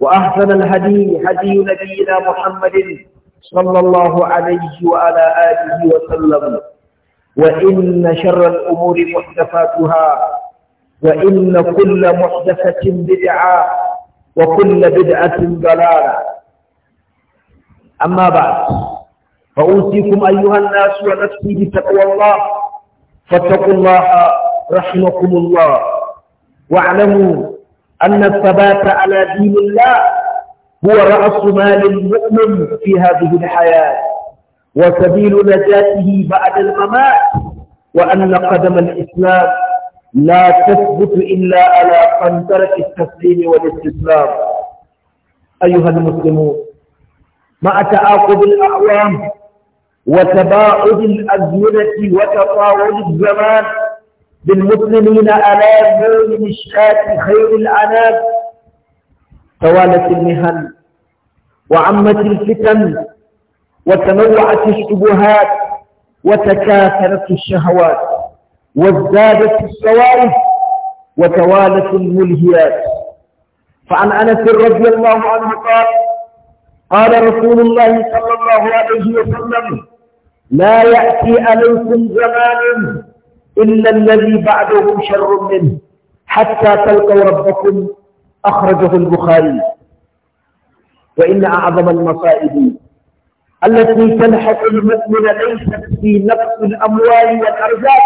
وأحسن الهدي هدي نبينا محمد صلى الله عليه وعلى آله وسلم وإن شر الأمور محدثاتها وإن كل محدثة بدعة وكل بدعة ضلالة أما بعد فأوصيكم أيها الناس ونفسي بتقوى الله فاتقوا الله رحمكم الله واعلموا أن الثبات على دين الله هو رأس مال المؤمن في هذه الحياة وسبيل نجاته بعد الممات وأن قدم الإسلام لا تثبت إلا على قنطرة التسليم والاستسلام أيها المسلمون مع تعاقب الأعوام وتباعد الأزمنة وتطاول الزمان بالمسلمين على من مشكاة خير الأنام توالت المهن وعمت الفتن وتنوعت الشبهات وتكاثرت الشهوات وازدادت الصوارف وتوالت الملهيات فعن أنس رضي الله عنه قال قال رسول الله صلى الله عليه وسلم لا يأتي عليكم زمان إلا الذي بعده شر منه حتى تلقوا ربكم أخرجه البخاري وإن أعظم المصائب التي تلحق المؤمن ليست في نقص الأموال والأرزاق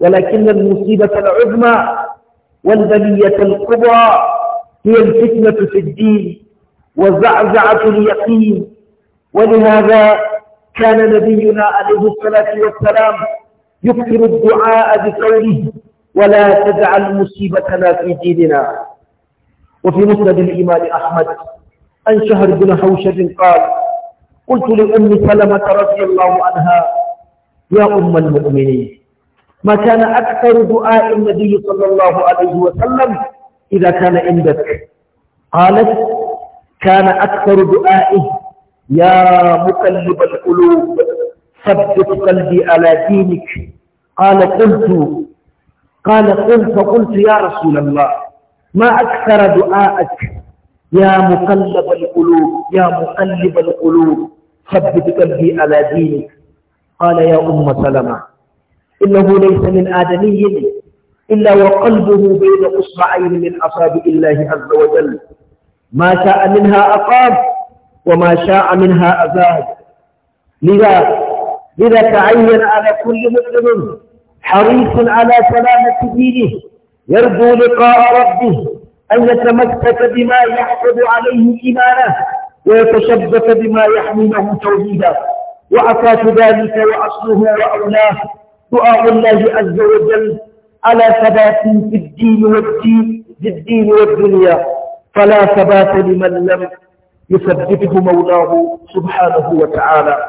ولكن المصيبة العظمى والبلية الكبرى هي الفتنة في الدين وزعزعة اليقين ولهذا كان نبينا عليه الصلاة والسلام يكثر الدعاء بقوله ولا تجعل مصيبتنا في ديننا وفي مسند الإمام أحمد عن شهر بن حوشب قال قلت لأم سلمة رضي الله عنها يا أم المؤمنين ما كان أكثر دعاء النبي صلى الله عليه وسلم إذا كان عندك قالت كان أكثر دعائه يا مقلب القلوب ثبت قلبي على دينك قال قلت قال قلت قلت يا رسول الله ما أكثر دعائك يا مقلب القلوب يا مقلب القلوب ثبت قلبي على دينك قال يا أم سلمة إنه ليس من آدمي إلا وقلبه بين أصبعين من أصابع الله عز وجل ما شاء منها أقاب وما شاء منها أزاد لذا إذا تعين على كل مسلم حريص على سلامة دينه يرجو لقاء ربه أن يتمسك بما يحفظ عليه إيمانه ويتشبث بما يحمي له توحيده وأساس ذلك وأصله وأولاه دعاء الله عز وجل على ثبات في الدين والدين في الدين والدنيا فلا ثبات لمن لم يثبته مولاه سبحانه وتعالى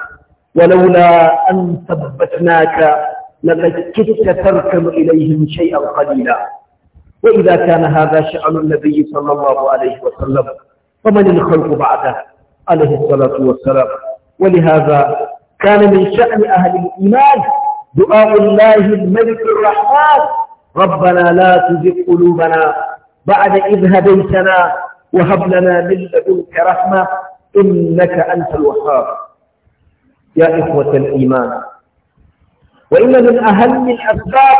ولولا أن ثبتناك لقد كدت تركن إليهم شيئا قليلا وإذا كان هذا شأن النبي صلى الله عليه وسلم فمن الخلق بعده عليه الصلاة والسلام ولهذا كان من شأن أهل الإيمان دعاء الله الملك الرحمن ربنا لا تزغ قلوبنا بعد إذ هديتنا وهب لنا من لدنك رحمة إنك أنت الوهاب يا إخوة الإيمان وإن من أهم الأسباب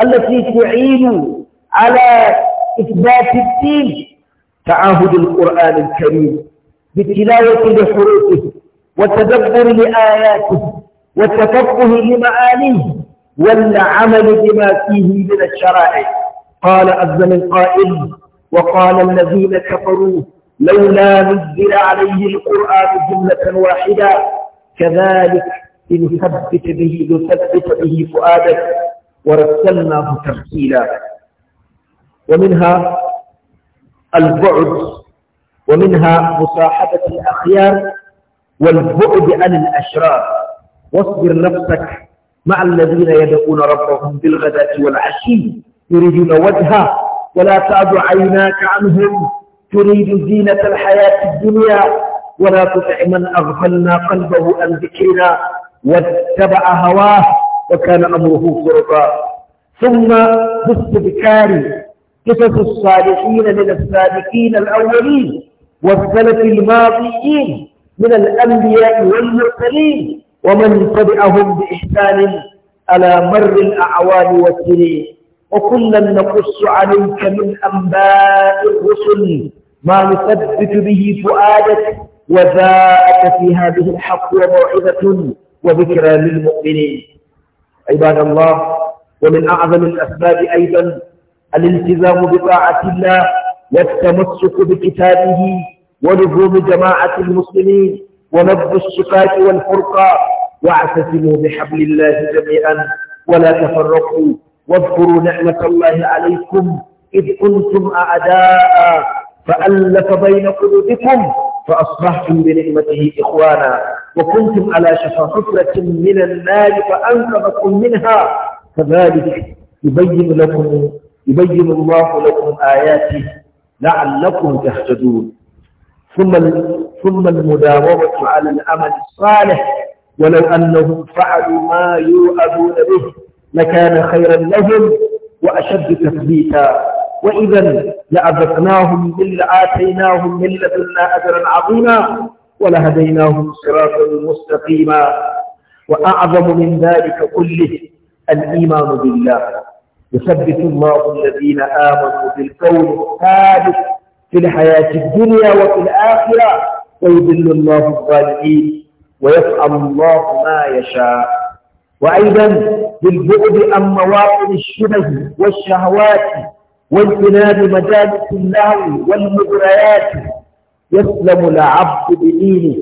التي تعين على إثبات الدين تعاهد القرآن الكريم بالتلاوة لحروفه والتدبر لآياته والتفقه لمعانيه والعمل بما فيه من الشرائع قال عز من قائل وقال الذين كفروا لولا نزل عليه القرآن جملة واحدة كذلك لنثبت به نثبت به فؤادك ورسلناه ترتيلا ومنها البعد ومنها مصاحبة الأخيار والبعد عن الأشرار واصبر نفسك مع الذين يدعون ربهم بالغداة والعشي يريدون وجهه ولا تعد عيناك عنهم تريد زينة الحياة الدنيا ولا تطع من أغفلنا قلبه عن ذكرنا واتبع هواه وكان أمره فرطا ثم باستذكار قصص الصالحين من السابقين الأولين والسلف الماضيين من الأنبياء والمرسلين ومن تبعهم بإحسان على مر الأعوام والسنين وكلا نقص عليك من أنباء الرسل ما نثبت به فؤادك وذاك في هذه الحق وموعظة وذكرى للمؤمنين عباد الله ومن أعظم الأسباب أيضا الالتزام بطاعة الله والتمسك بكتابه ولزوم جماعة المسلمين ونبذ الشقاق والفرقة واعتصموا بحبل الله جميعا ولا تفرقوا واذكروا نعمة الله عليكم إذ كنتم أعداء فألف بين قلوبكم فأصبحتم بنعمته إخوانا وكنتم على شفا حفرة من النار فأنقذكم منها كذلك يبين لكم يبين الله لكم آياته لعلكم تهتدون ثم ثم المداومة على العمل الصالح ولو أنهم فعلوا ما يوعدون به لكان خيرا لهم وأشد تثبيتا وإذا لأذقناهم من لآتيناهم من لدنا أجرا عظيما ولهديناهم صراطا مستقيما وأعظم من ذلك كله الإيمان بالله يثبت الله الذين آمنوا بالكون الثابت في الحياة الدنيا وفي الآخرة ويذل الله الظالمين ويفعل الله ما يشاء وأيضا بالبعد عن مواطن الشبه والشهوات واجتناب مجالس اللهو والمغريات يسلم العبد بدينه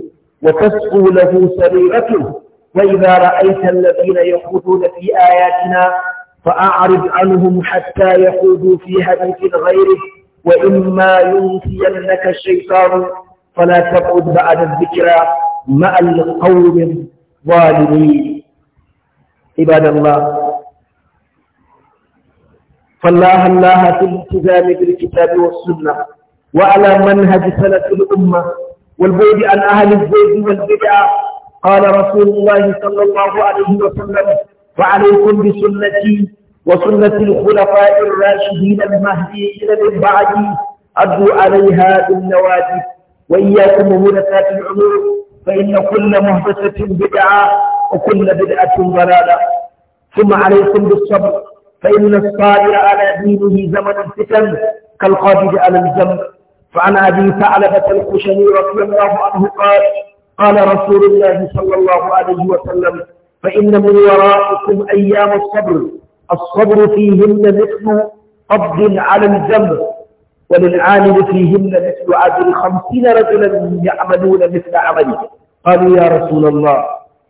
وتسقو له سريرته وإذا رأيت الذين يخوضون في آياتنا فأعرض عنهم حتى يخوضوا في حديث غيره وإما ينسينك الشيطان فلا تقعد بعد الذكرى مع القوم الظالمين عباد الله فالله الله في الالتزام بالكتاب والسنة وعلى منهج سلف الأمة والبعد عن أهل الزيد والبدعة قال رسول الله صلى الله عليه وسلم فعليكم بسنتي وسنة الخلفاء الراشدين المهديين من بعدي أدوا عليها بالنواجذ وإياكم مهدثات العمور فإن كل مهدثة بدعة وكل بدعة ضلالة ثم عليكم بالصبر فإن الصابر على دينه زمن الفتن كالقابض على الجمر فعن أبي ثعلبة الخشني رضي الله عنه قال قال رسول الله صلى الله عليه وسلم فإن من ورائكم أيام الصبر الصبر فيهن مثل قبض على الجمر وللعامل فيهن مثل عدل خمسين رجلا يعملون مثل عمله قالوا يا رسول الله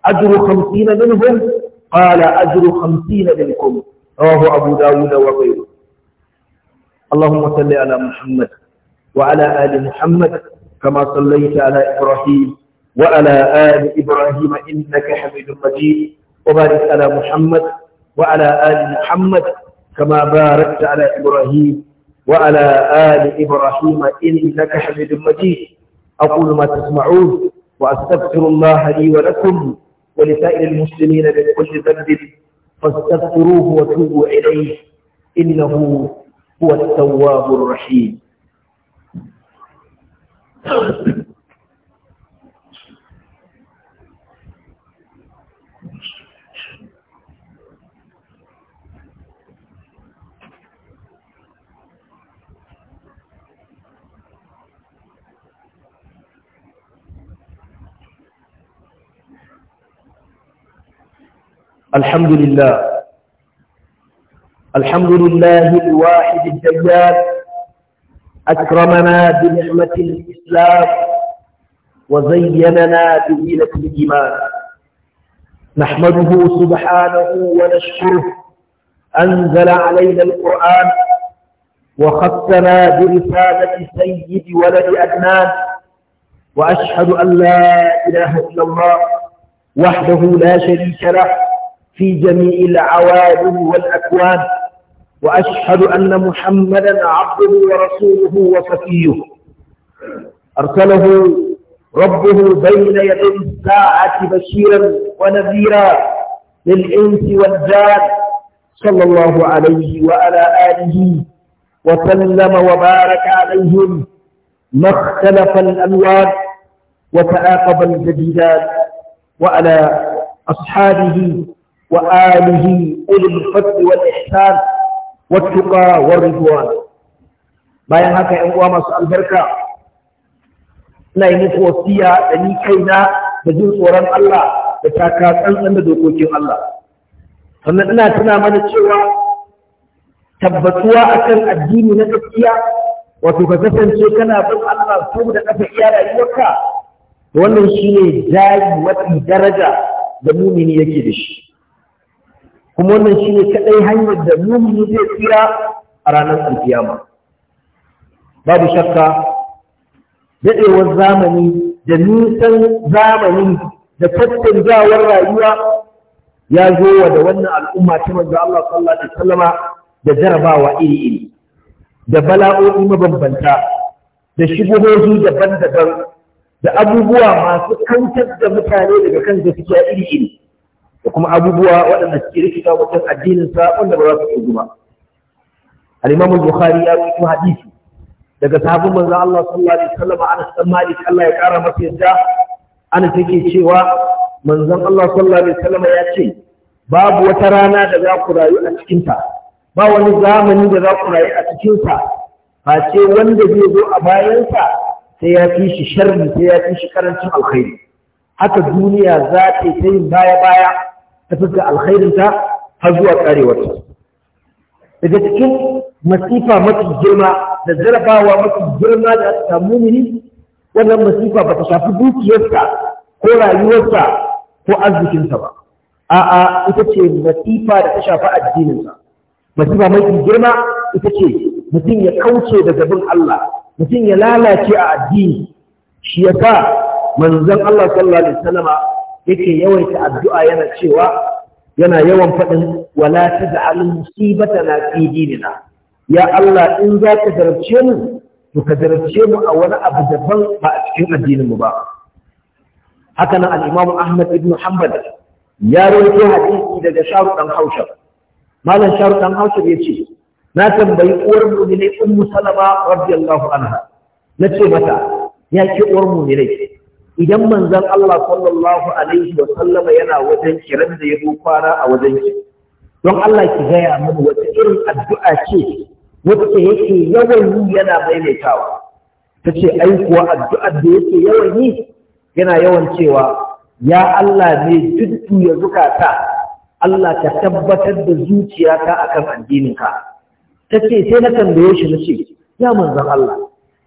أجر خمسين منهم قال أجر خمسين منكم رواه أبو داود وغيره اللهم صل على محمد وعلى آل محمد كما صليت على إبراهيم وعلى آل إبراهيم إنك حميد مجيد وبارك على محمد وعلى آل محمد كما باركت على إبراهيم وعلى آل إبراهيم إنك حميد مجيد أقول ما تسمعون وأستغفر الله لي ولكم ولسائر المسلمين من كل ذنب فاستغفروه وتوبوا إليه إنه هو التواب الرحيم الحمد لله الحمد لله الواحد الديان أكرمنا بنعمة الإسلام وزيننا بزينة الإيمان نحمده سبحانه ونشكره أنزل علينا القرآن وخطنا برسالة سيد ولد أدنان وأشهد أن لا إله إلا الله وحده لا شريك له في جميع العوالم والأكوان وأشهد أن محمدا عبده ورسوله وصفيه أرسله ربه بين يدي الساعة بشيرا ونذيرا للإنس والجان صلى الله عليه وعلى آله وسلم وبارك عليهم ما اختلف الألوان وتآقب الجديدات وعلى أصحابه وآله أولي الفضل والإحسان والتقى والرضوان bayan haka ‘yan uwa masu albarka na yi muku wasiya da ni kaina da jin tsoron Allah da taka tsantsan da dokokin Allah sannan ina tuna mana cewa tabbatuwa akan addini na gaskiya wato ka kasance kana bin Allah saboda kafa iya Da wannan shine jari mafi daraja da mumini yake da shi kuma wannan shi ne kaɗai hanyar da mumini zai tsira a ranar alfiyama. babu shakka daɗewar zamani da nisan zamani da tattanjawar rayuwa ya zo wa da wannan al'umma ta manzo Allah sallallahu alaihi wasallama da jarabawa iri-iri da bala'o'i mabambanta da shigohohi daban-daban da abubuwa masu kantar da mutane daga kan gaskiya iri-iri da kuma abubuwa waɗanda suke rikita wajen addinin wanda ba za su kirgu ba al bukhari ya rawaito hadisi daga sabon manzo Allah sallallahu alaihi wasallam Anas bin Malik Allah ya kara masa yadda ana take cewa manzon Allah sallallahu alaihi wasallam ya ce babu wata rana da za ku rayu a cikin ta ba wani zamani da za ku rayu a cikin sa ce wanda zai zo a bayansa sai ya fi shi sharri sai ya fi shi karancin alkhairi haka duniya za ta yi baya baya ta ga alkhairinta har zuwa karewarta daga cikin masifa mafi girma da zarafawa mafi girma da aka samu mini wannan masifa ba ta shafi dukiyarsa ko rayuwarsa ko arzikinsa ba a'a ita ce masifa da ta shafi addininsa masifa mafi girma ita ce mutum ya kauce daga bin Allah mutum ya lalace a addini shi ya sa manzon Allah sallallahu alaihi wasallama yake yawaita addu'a yana cewa yana yawan faɗin wala taj'al musibatana na dinina ya Allah in za ka zarce mu to ka zarce mu a wani abu daban ba a cikin addinin mu ba haka nan al-Imam Ahmad ibn Hanbal ya rawaito hadisi daga Sharu dan Haushab malam Sharu dan Haushab yace na tambayi uwar mu'minai Ummu Salama radiyallahu anha nace mata ya ke uwar mu'minai idan manzon Allah sallallahu alaihi wa sallama yana wajen kiran da ya zo kwana a wajen ki don Allah ki gaya mana wata irin addu'a ce wacce yake yawan yi yana maimaitawa tace ai kuwa addu'ar da yake yawan yi yana yawan cewa ya Allah ne duk ya zukata Allah ka tabbatar da zuciyata akan addininka tace sai na tambaye shi nace ya manzan Allah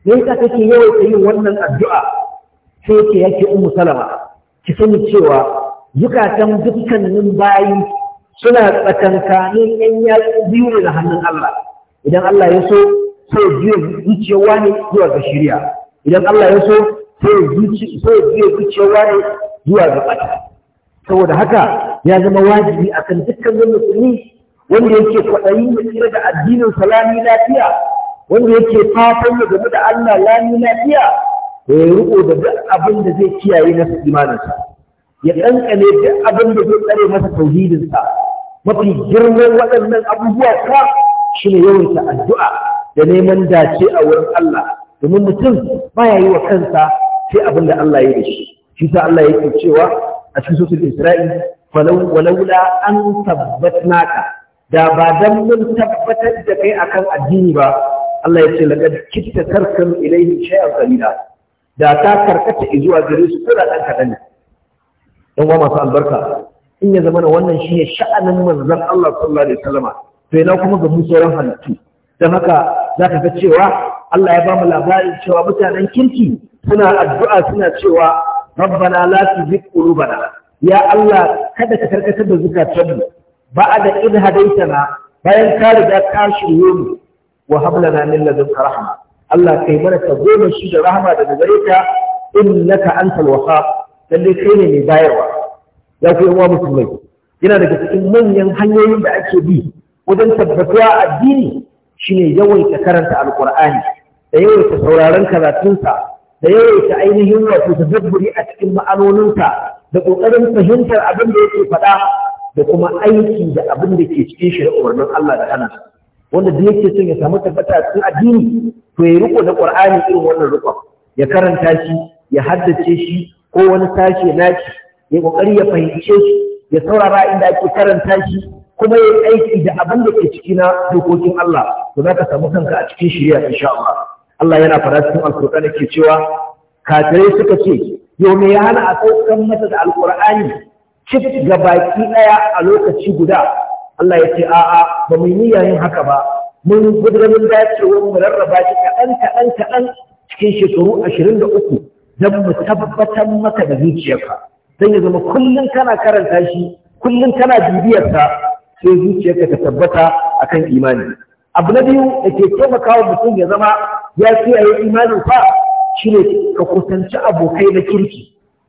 me yasa kake yawan yin wannan addu'a sai ke yake umu salama ki sani cewa zukatan dukkanin bayi suna tsakankanin yan yatsu biyu ne da hannun Allah idan Allah ya so sai biyu ne zuwa ga shirya idan Allah ya so sai biyu ne zuwa ga ɓata saboda haka ya zama wajibi a kan dukkanin musulmi wanda yake kwaɗayi ya tsira da addinin salami lafiya wanda yake fatan ya game da Allah lami lafiya da ya da duk abin da zai kiyaye masa imaninsa ya kankane duk abin da zai tsare masa tauhidinsa mafi girman waɗannan abubuwa ka shi ne yawaita addu'a da neman dace a wurin Allah domin mutum ya yi wa kansa sai abin da Allah ya yi da shi shi sa Allah yake cewa a cikin sosul Isra'i walaula an tabbatnaka da ba dan mun tabbatar da kai akan addini ba Allah ya ce laqad kitta tarkam ilayhi shay'an qalila da ta karkata zuwa gare su kura ɗan kaɗan ne ɗan wa masu albarka in ya zama wannan shi ne sha'anin manzan Allah sallallahu alaihi wasallama to yana kuma ga sauran halittu don haka za ka ga cewa Allah ya ba mu labarin cewa mutanen kirki suna addu'a suna cewa rabbana la tuzigh qulubana ya Allah kada ka karkatar da zukatanmu ba'ada idh hadaytana bayan ka riga ka shirye mu wa hab lana min ladunka rahma Allah kai mana ta goma shi da rahama daga gare in naka antal wasa, lalle kai ne mai bayarwa ya ku yan musulmai yana daga cikin manyan hanyoyin da ake bi wajen tabbatuwa addini shine yawaita karanta alqur'ani da yawaita sauraron karatunsa da yawaita ainihin wato tadabburi a cikin ma'anoninsa da ƙoƙarin fahimtar abin da yake faɗa da kuma aiki da abin da ke cikin shi da umarnin Allah da hana wanda duk yake son ya samu tabbata cikin addini to ya riko da Qur'ani irin wannan riko ya karanta shi ya haddace shi ko wani sashe naci ya kokari ya fahimce shi ya saurara inda ake karanta shi kuma ya aiki da abin da ke ciki na dokokin Allah to zaka samu kanka a cikin shari'a insha Allah Allah yana fara cikin alƙur'ani ke cewa kafirai suka ce yau me ya hana a saukan mata da alƙur'ani cif ga baki ɗaya a lokaci guda Allah ya ce a'a ba mu yi yin haka ba mun gudunar dacewar mu rarraba shi kaɗan kaɗan kaɗan cikin shekaru ashirin da uku don mu tabbatar maka da zuciyarka don ya zama kullum kana karanta shi kullum kana bibiyarsa sai zuciyarka ta tabbata akan imani abu na biyu da ke taimakawa mutum ya zama ya kiyaye imanin fa shine ka kusanci abokai na kirki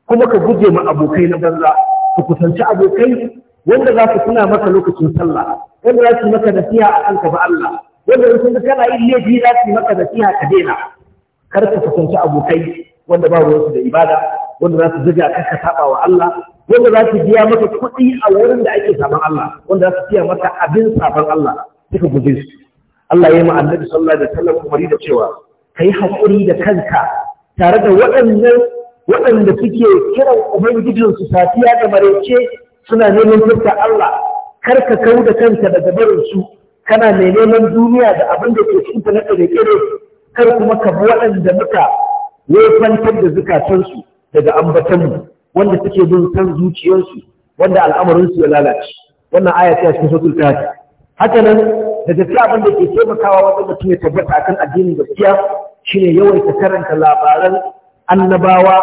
kuma ka guje ma abokai na banza ka kusanci abokai wanda za su tuna maka lokacin sallah wanda za su maka nasiha a kanka ba Allah wanda in sun ga kana yin laifi za su maka nasiha ka daina kar ka kusanci abokai wanda ba ruwansu da ibada wanda za su zuga ka ka saba wa Allah wanda za su biya maka kuɗi a wurin da ake saban Allah wanda za su biya maka abin saban Allah suka guje su Allah ya yi ma da sallallahu alaihi wasallam umari da cewa ka yi haƙuri da kanka tare da waɗannan waɗanda suke kiran ubangijinsu safiya da marece suna neman fuska Allah kar ka kau da kanka daga barin su kana mai neman duniya da abin da ke cikin na kere kar kuma ka bi waɗanda muka wefantar da zukatansu daga ambatanmu wanda suke bin san zuciyarsu wanda al'amarinsu ya lalace wannan aya ta cikin suratul kafi haka nan da gaskiya abin da ke taimakawa wajen mutum ya tabbata akan addinin gaskiya shine yawaita karanta labaran annabawa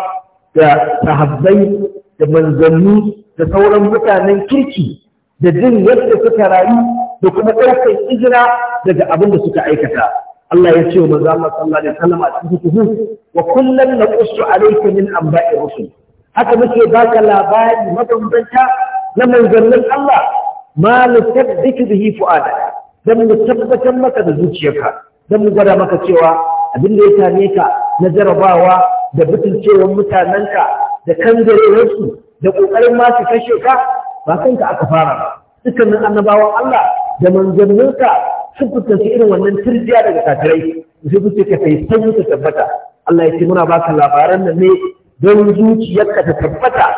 da sahabbai da manzanni da sauran mutanen kirki da jin yadda suka rayu da kuma ɗaukar izina daga abin da suka aikata Allah ya ce wa manzo Allah sallallahu alaihi wasallam a cikin kuhu wa kullun naqussu alayka min anba'i rusul haka muke baka labari mabambanta na manzannin Allah ma nusaddiqu bihi fu'ada dan mu tabbatar maka da zuciyarka dan mu gwada maka cewa abin da ya same ka na jarabawa da butulcewar mutanenka da wasu, da ƙoƙarin masu kashe ka ba ka aka fara ba dukkanin annabawan Allah da manzanninka sun fuskanci irin wannan turjiya daga kafirai sai fuskanci ce ka kai sanyi ka tabbata Allah ya ce muna baka labaran nan ne don zuciyarka ta tabbata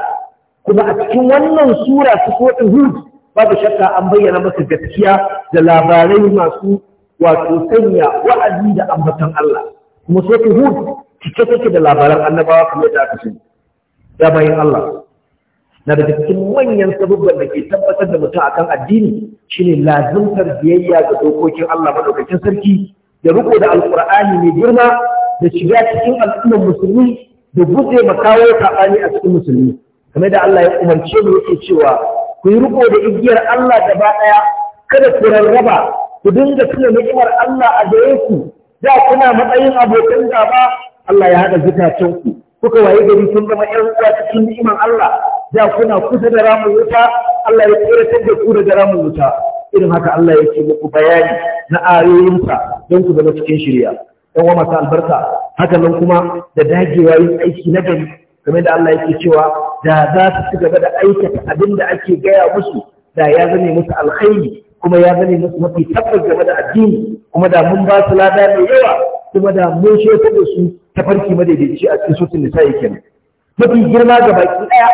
kuma a cikin wannan sura su ko Hud babu shakka an bayyana maka gaskiya da labarai masu wato sanya wa'azi da ambaton Allah kuma suratul Hud cike take da labaran annabawa kamar da aka sani ya bayin Allah na da cikin manyan sabubban da ke tabbatar da mutum akan addini shine lazimtar biyayya ga dokokin Allah madaukakin sarki da riko da alqur'ani mai girma da shiga cikin al'ummar musulmi da guje makawo ta'ani a cikin musulmi kamar da Allah ya umarci mu yake cewa ku yi riko da igiyar Allah gaba daya kada ku rarraba ku dinga tuna ni'imar Allah a gare ku da kuna matsayin abokan gaba Allah ya haɗa zukatanku kuka waye gari sun zama ƴan uwa cikin ni'iman Allah da kuna kusa da ramin wuta Allah ya tsiratar da ku daga ramin wuta irin haka Allah yake muku bayani na ayoyinsa don ku zama cikin shirya ɗan uwa albarka haka nan kuma da dagewa yin aiki na gari kamar da Allah yake cewa da za su ci gaba da aikata abin da ake gaya musu da ya zame musu alkhairi kuma ya zame musu mafi tabbas game da addini kuma da mun ba su lada mai yawa kuma da mun shekar da su ta farki madaidaici a cikin sutun da yake nan mafi girma ga baki ɗaya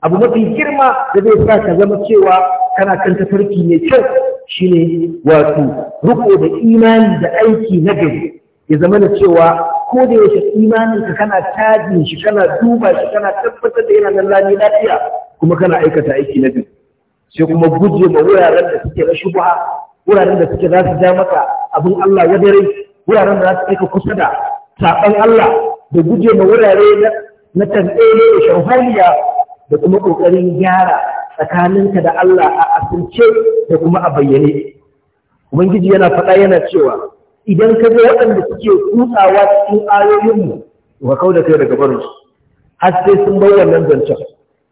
abu mafi girma da zai sa ka zama cewa kana kan tafarki mai kyau shine wato riko da imani da aiki na gari ya zama da cewa ko da yaushe imanin ka kana tajin shi kana duba shi kana tabbatar da yana nan lami lafiya kuma kana aikata aiki na gari sai kuma guje ma wuraren da suke na shubha wuraren da suke za su ja maka abin Allah ya dare wuraren da za su aika kusa da saɓan Allah da guje ma wurare na tantsere da shanhaliya da kuma ƙoƙarin gyara tsakaninka da Allah a asirce da kuma a bayyane. Ubangiji yana faɗa yana cewa idan ka ga waɗanda suke kutsawa cikin ayoyinmu ba kau da kai daga barinsu har sai sun bar wannan zancen.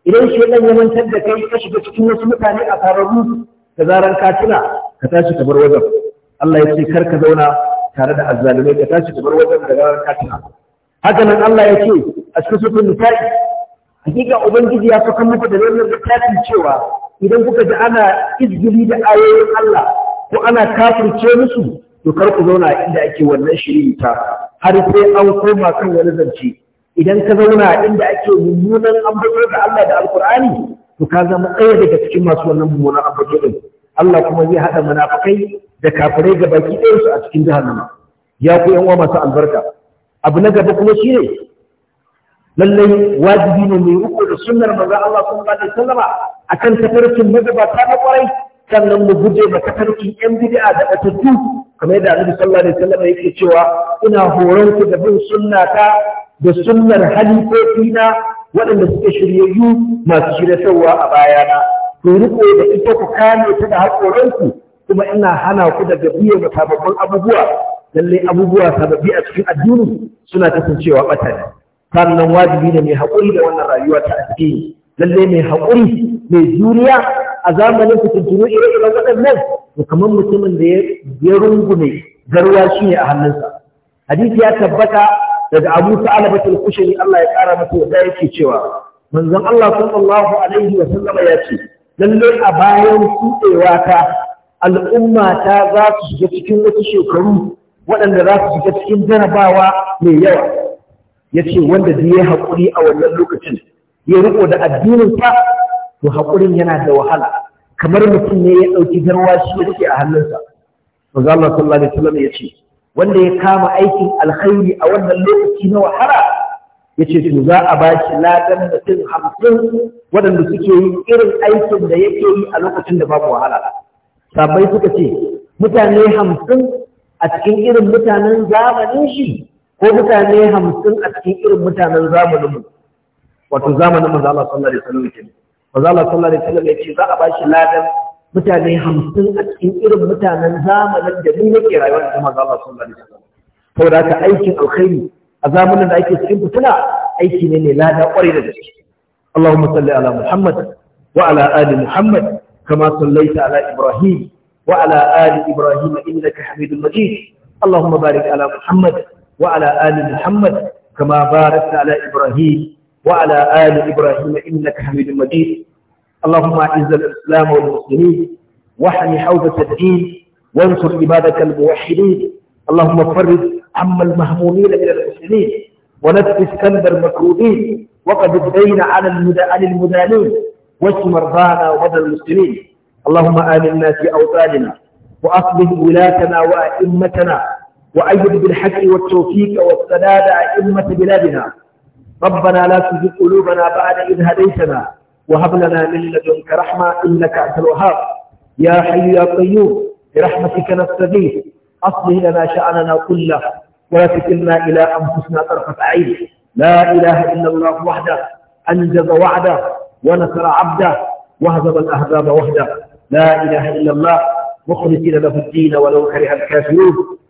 Idan shi ɗan ya mantar da kai ka shiga cikin wasu mutane a tararru ka zaran ka tuna ka tashi ka bar wajen. Allah ya ce kar ka zauna tare da azzalumai ka tashi kamar wajen da ranar katina haka nan Allah ya ce a cikin sufin nisa'i hakika ubangiji ya saka muku da wannan littafin cewa idan kuka ji ana izgili da ayoyin Allah ko ana kafirce musu to kar ku zauna a inda ake wannan shiri ta har sai an koma kan wani zance idan ka zauna a inda ake mummunan ambato da Allah da Alkur'ani to ka zama ɗaya daga cikin masu wannan mummunan ambato din Allah kuma zai haɗa munafikai da kafirai ga baki ɗayan su a cikin jahannama ya ku yan uwa masu albarka abu na gaba kuma shine. lallai wajibi ne mai uku da sunnar manzon Allah sallallahu alaihi wasallam akan tafarkin magabata na kwarai sannan mu guje ma tafarkin yan bid'a da batattu kamar yadda Annabi sallallahu alaihi wasallam yake cewa ina horon ku da bin sunnata da sunnar halifofina waɗanda suke shiryayyu masu shiryatarwa a bayana ku riko da ita ku kame ta da haƙoranku kuma ina hana ku daga biyan da sababbin abubuwa Lallai abubuwa sababbi a cikin addini suna kasancewa bata ne sannan wajibi ne mai haƙuri da wannan rayuwa ta addini Lallai mai haƙuri mai juriya a zamanin fitintunu ire-iren waɗannan to kamar mutumin da ya rungume garwa shi ne a hannunsa hadisi ya tabbata daga Abu Sa'alabat al-Kushani Allah ya kara masa da yake cewa manzon Allah sallallahu alaihi wa sallama ya ce Lallai a bayan tsudewa ta al'umma ta za su shiga cikin wasu shekaru waɗanda za su shiga cikin jarabawa mai yawa ya ce wanda zai yi haƙuri a wannan lokacin ya riko da addininsa to haƙurin yana da wahala kamar mutum ne ya ɗauki garwashi ya take a hannunsa manzo Allah sallallahu alaihi wasallam ya ce wanda ya kama aikin alkhairi a wannan lokaci na wahala ya ce to za a ba shi ladan mutum hamsin waɗanda suke yin irin aikin da yake yi a lokacin da babu wahala sabai suka ce mutane hamsin a cikin irin mutanen zamanin shi ko mutane hamsin a cikin irin mutanen zamaninmu wato zamanin maza Allah sallallahu alaihi wasallam ke maza Allah sallallahu alaihi wasallam ya ce za a bashi shi ladan mutane hamsin a cikin irin mutanen zamanin da ni nake rayuwa da maza Allah sallallahu alaihi wasallam saboda haka aikin alkhairi a zamanin da ake cikin fitina aiki ne ne lada kwarai da gaske Allahumma salli ala Muhammad wa ala ali Muhammad كما صليت على إبراهيم وعلى آل إبراهيم إنك حميد مجيد اللهم بارك على محمد وعلى آل محمد كما باركت على إبراهيم وعلى آل إبراهيم إنك حميد مجيد اللهم أعز الإسلام والمسلمين وحمي حوزة الدين وانصر عبادك الموحدين اللهم فرج عم المهمومين من المسلمين ونفس كنب المكروبين وقد الدين على المدانين واشف مرضانا ومرضى المسلمين اللهم آمنا في أوطاننا وأصلح ولاتنا وأئمتنا وأيد بالحق والتوفيق والسداد أئمة بلادنا ربنا لا تزغ قلوبنا بعد إذ هديتنا وهب لنا من لدنك رحمة إنك أنت الوهاب يا حي يا قيوم برحمتك نستغيث أصلح لنا شأننا كله ولا تكلنا إلى أنفسنا طرفة عين لا إله إلا الله وحده أنجز وعده ونصر عبده وهزم الأحزاب وحده لا إله إلا الله مخلصين له الدين ولو كره الكافرون